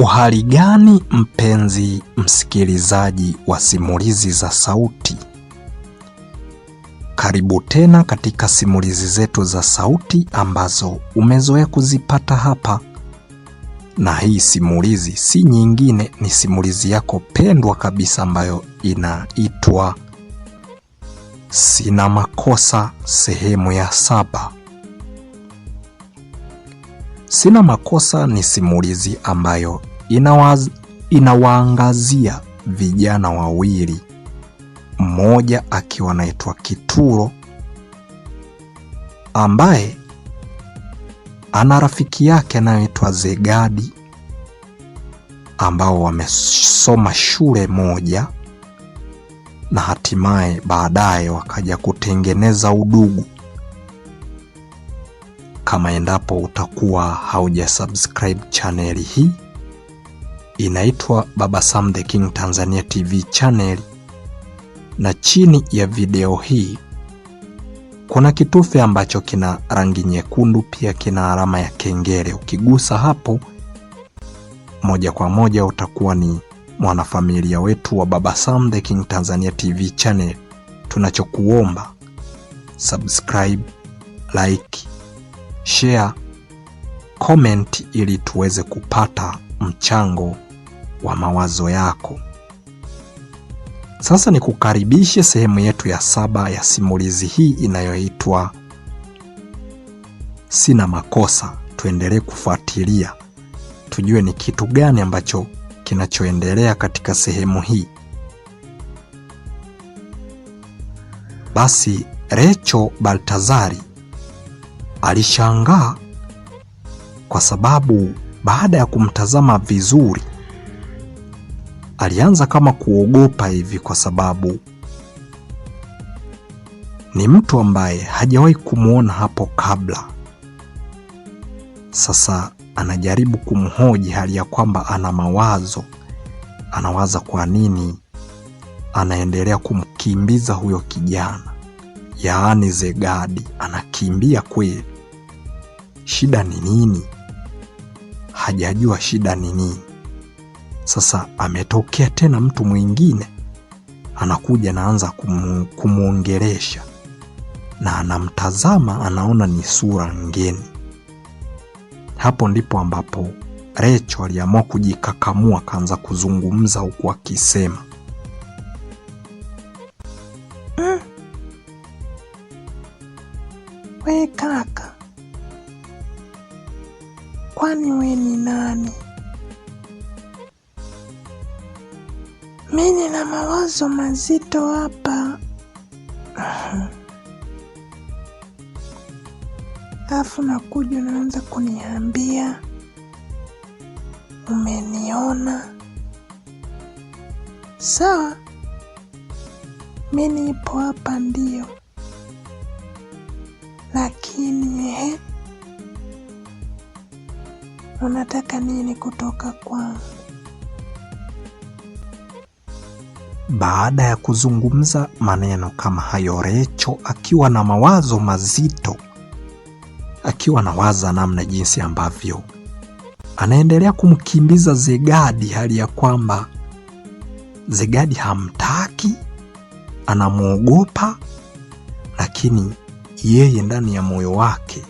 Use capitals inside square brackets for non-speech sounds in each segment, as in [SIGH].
Uhali gani mpenzi msikilizaji wa simulizi za sauti, karibu tena katika simulizi zetu za sauti ambazo umezoea kuzipata hapa, na hii simulizi si nyingine, ni simulizi yako pendwa kabisa ambayo inaitwa Sina Makosa sehemu ya saba. Sina Makosa ni simulizi ambayo inawaz, inawaangazia vijana wawili, mmoja akiwa anaitwa Kituro ambaye ana rafiki yake anayoitwa Zegadi ambao wamesoma shule moja na hatimaye baadaye wakaja kutengeneza udugu. Kama endapo utakuwa subscribe chaneli hii inaitwa Baba Sam the King Tanzania TV channel, na chini ya video hii kuna kitufe ambacho kina rangi nyekundu, pia kina alama ya kengele. Ukigusa hapo moja kwa moja utakuwa ni mwanafamilia wetu wa Baba Sam the King Tanzania TV channel. Tunachokuomba subscribe, like, share, comment ili tuweze kupata mchango wa mawazo yako. Sasa ni kukaribishe sehemu yetu ya saba ya simulizi hii inayoitwa Sina Makosa. Tuendelee kufuatilia tujue ni kitu gani ambacho kinachoendelea katika sehemu hii. Basi Recho Baltazari alishangaa kwa sababu baada ya kumtazama vizuri alianza kama kuogopa hivi, kwa sababu ni mtu ambaye hajawahi kumwona hapo kabla. Sasa anajaribu kumhoji hali ya kwamba ana mawazo, anawaza kwa nini anaendelea kumkimbiza huyo kijana, yaani Zegadi anakimbia kweli. Shida ni nini? Hajajua shida ni nini. Sasa ametokea tena mtu mwingine anakuja naanza kumwongeresha na anamtazama, anaona ni sura ngeni. Hapo ndipo ambapo Recho aliamua kujikakamua, akaanza kuzungumza huku akisema mm. We kaka, kwani we ni nani? Mi nina mawazo mazito hapa. Alafu nakuja unaanza kuniambia umeniona. Sawa, mi nipo hapa ndio, lakini ehe, unataka nini kutoka kwangu? Baada ya kuzungumza maneno kama hayo, Recho akiwa na mawazo mazito, akiwa waza namna jinsi ambavyo anaendelea kumkimbiza Zegadi, hali ya kwamba Zegadi hamtaki, anamwogopa, lakini yeye ndani ya moyo wake,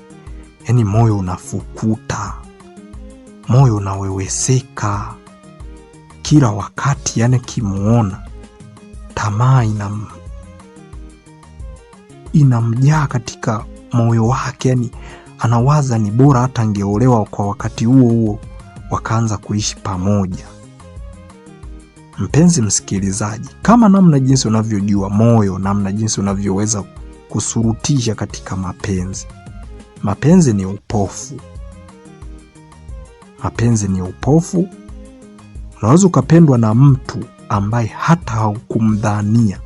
yani moyo unafukuta, moyo unaweweseka kila wakati, yani kimwona tamaa inam inamjaa katika moyo wake, yani anawaza ni bora hata angeolewa kwa wakati huo huo wakaanza kuishi pamoja. Mpenzi msikilizaji, kama namna jinsi unavyojua moyo, namna jinsi unavyoweza kusurutisha katika mapenzi. Mapenzi ni upofu, mapenzi ni upofu. Unaweza ukapendwa na mtu ambaye hata haukumdhania,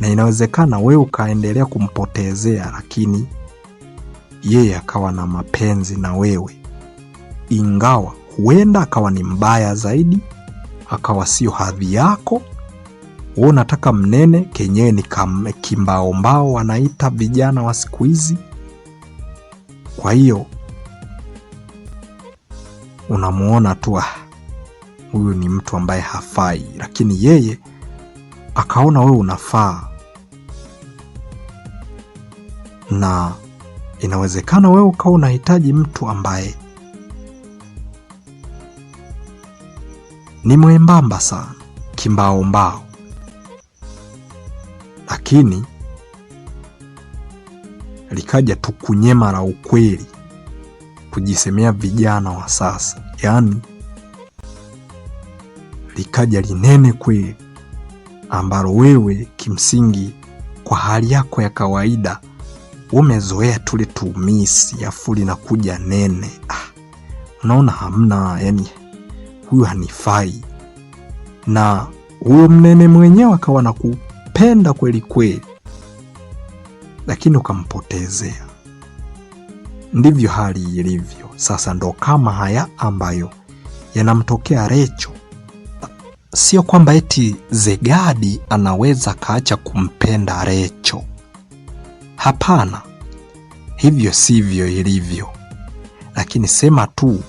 na inawezekana wewe ukaendelea kumpotezea, lakini yeye akawa na mapenzi na wewe, ingawa huenda akawa ni mbaya zaidi, akawa sio hadhi yako. Wewe unataka mnene, kenyewe ni kimbaombao, wanaita vijana wa siku hizi. Kwa hiyo unamuona tu ah, huyu ni mtu ambaye hafai, lakini yeye akaona wewe unafaa, na inawezekana wewe ukawa unahitaji mtu ambaye ni mwembamba sana kimbaombao, lakini likaja tu kunyema la ukweli, kujisemea vijana wa sasa, yaani likaja linene kweli, ambalo wewe kimsingi kwa hali yako ya kawaida umezoea tule tumisi afu linakuja nene. Ah, unaona hamna, yani huyu hanifai, na huyo mnene mwenyewe akawa kupenda kweli kweli, lakini ukampotezea. Ndivyo hali ilivyo sasa, ndo kama haya ambayo yanamtokea Recho sio kwamba eti Zegadi anaweza kaacha kumpenda Recho. Hapana, hivyo sivyo ilivyo, lakini sema tu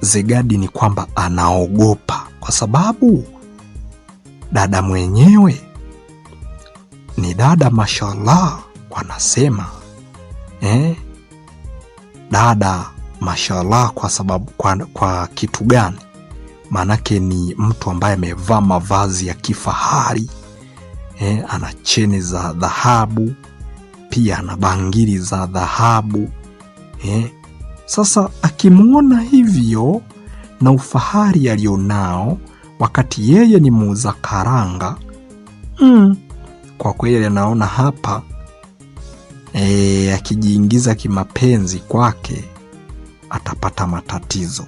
Zegadi ni kwamba anaogopa kwa sababu dada mwenyewe ni dada, mashallah wanasema eh? Dada mashallah, kwa sababu kwa, kwa kitu gani? maanake ni mtu ambaye amevaa mavazi ya kifahari eh, ana cheni za dhahabu pia ana bangili za dhahabu eh. Sasa akimwona hivyo na ufahari alionao wakati yeye ni muuza karanga mm, kwa kweli anaona hapa e, akijiingiza kimapenzi kwake atapata matatizo.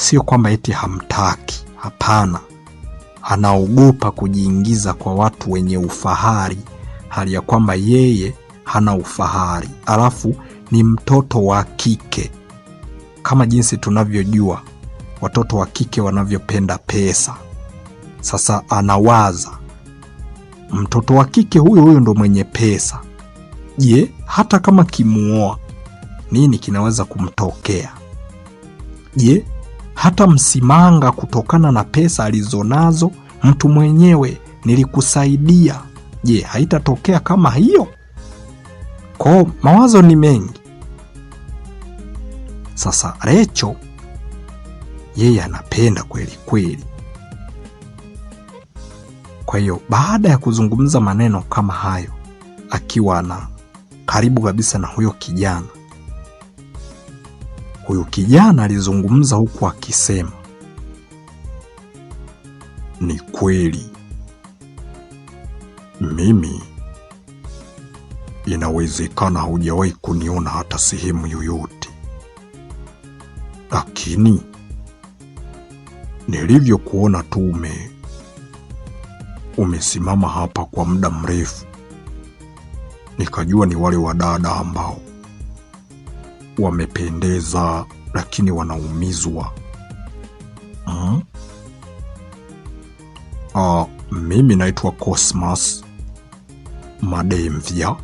Sio kwamba eti hamtaki, hapana. Anaogopa kujiingiza kwa watu wenye ufahari, hali ya kwamba yeye hana ufahari, alafu ni mtoto wa kike. Kama jinsi tunavyojua watoto wa kike wanavyopenda pesa. Sasa anawaza mtoto wa kike huyo huyo ndo mwenye pesa. Je, hata kama kimuoa nini kinaweza kumtokea? Je, hata Msimanga kutokana na pesa alizonazo mtu mwenyewe nilikusaidia. Je, haitatokea kama hiyo? ko mawazo ni mengi. Sasa Recho yeye anapenda kweli kweli. Kwa hiyo baada ya kuzungumza maneno kama hayo, akiwa na karibu kabisa na huyo kijana Huyu kijana alizungumza huku akisema, ni kweli, mimi inawezekana haujawahi kuniona hata sehemu yoyote, lakini nilivyokuona tu ume umesimama hapa kwa muda mrefu, nikajua ni wale wadada ambao wamependeza lakini wanaumizwa hmm? Uh, mimi naitwa Cosmas Mademvya.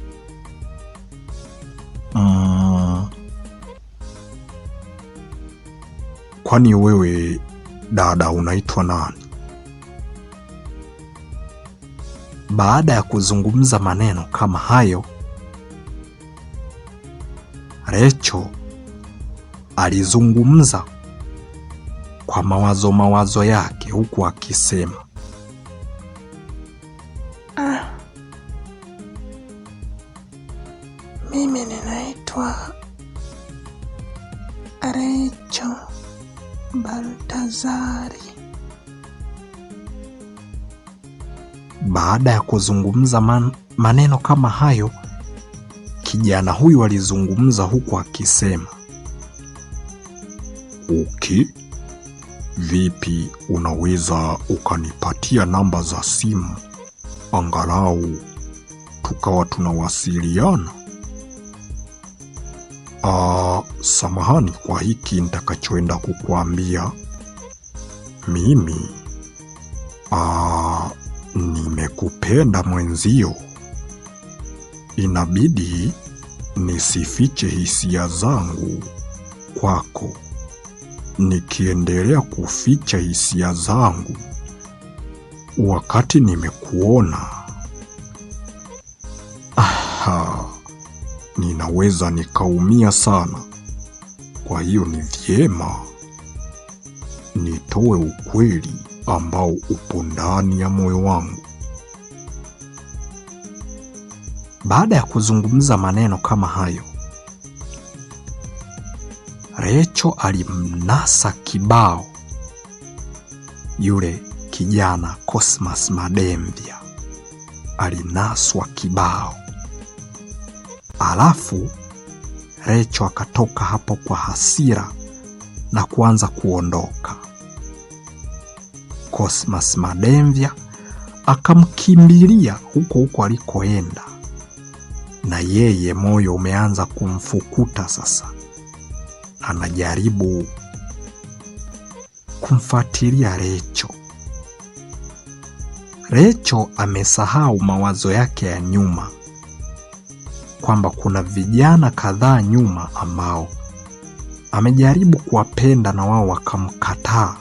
hmm. Ah. Kwani wewe dada unaitwa nani? Baada ya kuzungumza maneno kama hayo Recho alizungumza kwa mawazo mawazo yake huku akisema, ah, mimi ninaitwa Recho Baltazari. Baada ya kuzungumza man, maneno kama hayo kijana huyu alizungumza huku akisema, Uki, vipi unaweza ukanipatia namba za simu angalau tukawa tunawasiliana? Aa, ah, samahani kwa hiki nitakachoenda kukuambia mimi. Aa, ah, nimekupenda mwenzio, inabidi nisifiche hisia zangu kwako. Nikiendelea kuficha hisia zangu wakati nimekuona, aha, ninaweza nikaumia sana. Kwa hiyo ni vyema nitoe ukweli ambao upo ndani ya moyo wangu. Baada ya kuzungumza maneno kama hayo, Recho alimnasa kibao yule kijana Cosmas Mademvya, alinaswa kibao. Alafu Recho akatoka hapo kwa hasira na kuanza kuondoka. Cosmas Mademvya akamkimbilia huko huko alikoenda na yeye moyo umeanza kumfukuta sasa, anajaribu kumfuatilia Recho. Recho amesahau mawazo yake ya nyuma kwamba kuna vijana kadhaa nyuma ambao amejaribu kuwapenda na wao wakamkataa,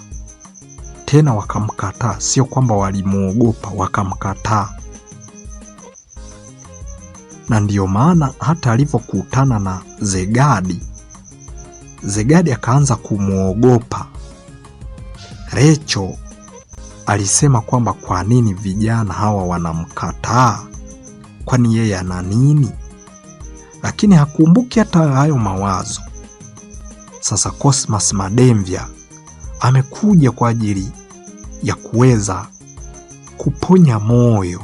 tena wakamkataa. Sio kwamba walimwogopa, wakamkataa na ndiyo maana hata alivyokutana na Zegadi, Zegadi akaanza kumwogopa. Recho alisema kwamba kwa nini vijana hawa wanamkataa? Kwani yeye ana nini? Lakini hakumbuki hata hayo mawazo. Sasa Cosmas Mademvya amekuja kwa ajili ya kuweza kuponya moyo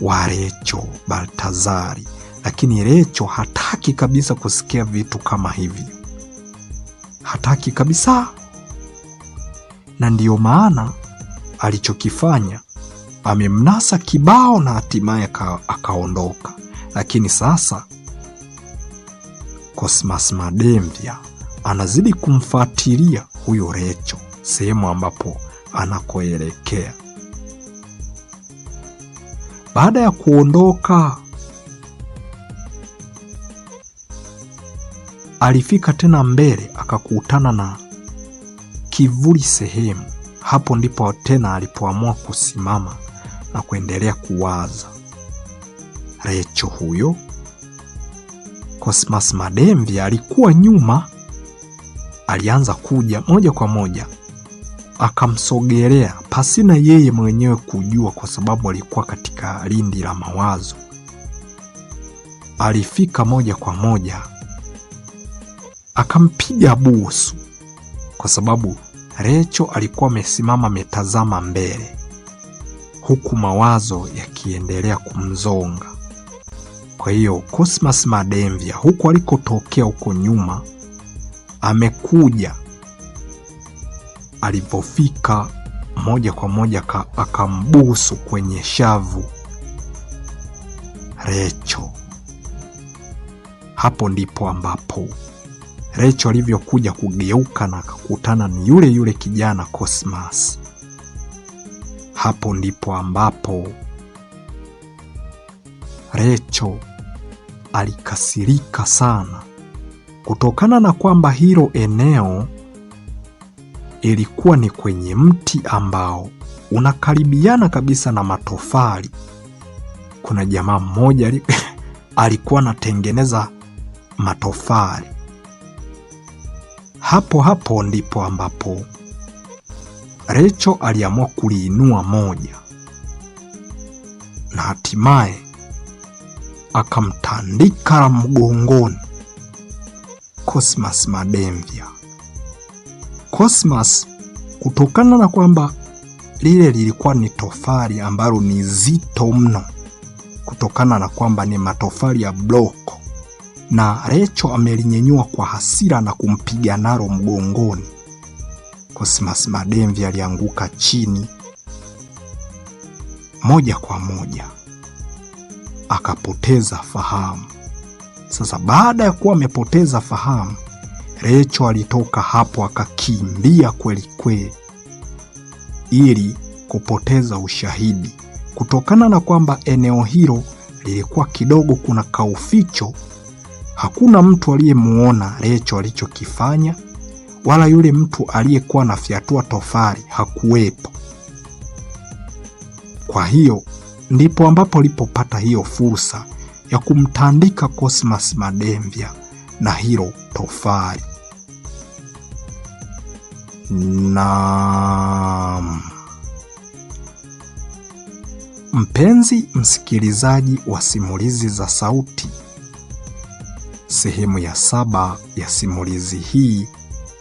wa Recho Baltazari, lakini Recho hataki kabisa kusikia vitu kama hivi, hataki kabisa. Na ndiyo maana alichokifanya amemnasa kibao na hatimaye akaondoka. Lakini sasa Cosmas Mademvya anazidi kumfuatilia huyo Recho sehemu ambapo anakoelekea. Baada ya kuondoka, alifika tena mbele akakutana na kivuli sehemu. Hapo ndipo tena alipoamua kusimama na kuendelea kuwaza. Recho huyo Cosmas Mademvi alikuwa nyuma, alianza kuja moja kwa moja akamsogelea pasina yeye mwenyewe kujua, kwa sababu alikuwa katika lindi la mawazo. Alifika moja kwa moja akampiga busu, kwa sababu Recho alikuwa amesimama ametazama mbele, huku mawazo yakiendelea kumzonga. Kwa hiyo Cosmas Mademvya huku alikotokea huko nyuma amekuja Alipofika moja kwa moja akambusu kwenye shavu Recho. Hapo ndipo ambapo Recho alivyokuja kugeuka na akakutana ni yule yule kijana Cosmas. Hapo ndipo ambapo Recho alikasirika sana kutokana na kwamba hilo eneo ilikuwa ni kwenye mti ambao unakaribiana kabisa na matofali. Kuna jamaa mmoja [LAUGHS] alikuwa anatengeneza matofali. Hapo hapo ndipo ambapo Recho aliamua kuliinua moja na hatimaye akamtandika mgongoni Cosmas Mademvya. Cosmas kutokana na kwamba lile lilikuwa ni tofali ambalo ni zito mno, kutokana na kwamba ni matofali ya block, na Recho amelinyenyua kwa hasira na kumpiga nalo mgongoni. Cosmas Mademvi alianguka chini moja kwa moja, akapoteza fahamu. Sasa baada ya kuwa amepoteza fahamu Recho alitoka hapo akakimbia kweli kweli ili kupoteza ushahidi, kutokana na kwamba eneo hilo lilikuwa kidogo kuna kauficho. Hakuna mtu aliyemuona Recho alichokifanya, wala yule mtu aliyekuwa anafyatua tofali hakuwepo. Kwa hiyo ndipo ambapo alipopata hiyo fursa ya kumtandika Cosmas Mademvya na hilo tofali. Na mpenzi msikilizaji wa simulizi za sauti, sehemu ya saba ya simulizi hii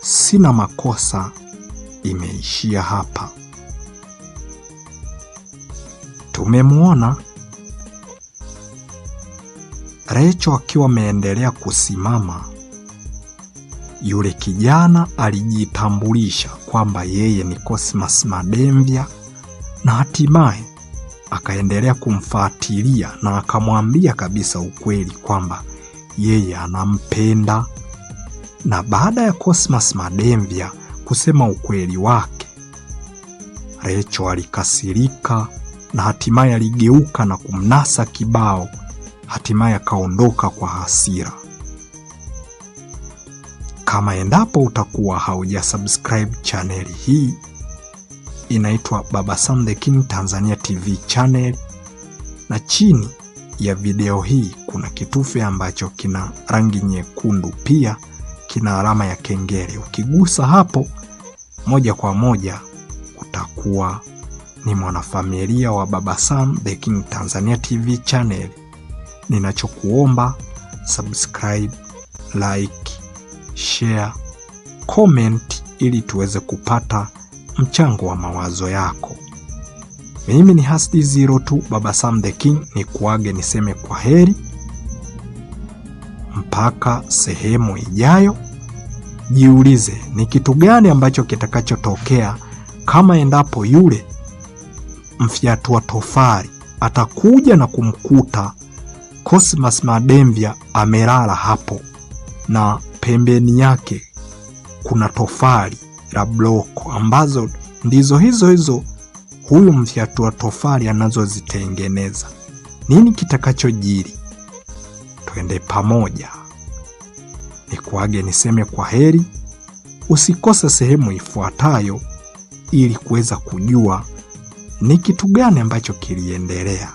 Sina Makosa imeishia hapa. Tumemwona Recho akiwa ameendelea kusimama, yule kijana alijitambulisha kwamba yeye ni Cosmas Mademvya na hatimaye akaendelea kumfuatilia na akamwambia kabisa ukweli kwamba yeye anampenda. Na baada ya Cosmas Mademvya kusema ukweli wake, Recho alikasirika na hatimaye aligeuka na kumnasa kibao hatimaye akaondoka kwa hasira. Kama endapo utakuwa haujasubscribe chaneli hii inaitwa Baba Sam the King Tanzania TV channel, na chini ya video hii kuna kitufe ambacho kina rangi nyekundu, pia kina alama ya kengele. Ukigusa hapo moja kwa moja utakuwa ni mwanafamilia wa Baba Sam the King Tanzania TV channel. Ninachokuomba subscribe, like, share, comment ili tuweze kupata mchango wa mawazo yako. Mimi ni Hasdi Zero tu, Baba Sam the King, ni kuage niseme kwa heri mpaka sehemu ijayo. Jiulize ni kitu gani ambacho kitakachotokea kama endapo yule mfyatua tofari atakuja na kumkuta Cosmas Mademvya amelala hapo na pembeni yake kuna tofali la bloko ambazo ndizo hizo hizo huyu mfyatua tofali anazozitengeneza. Nini kitakachojiri? Twende pamoja. Nikuage niseme kwa heri, usikose sehemu ifuatayo ili kuweza kujua ni kitu gani ambacho kiliendelea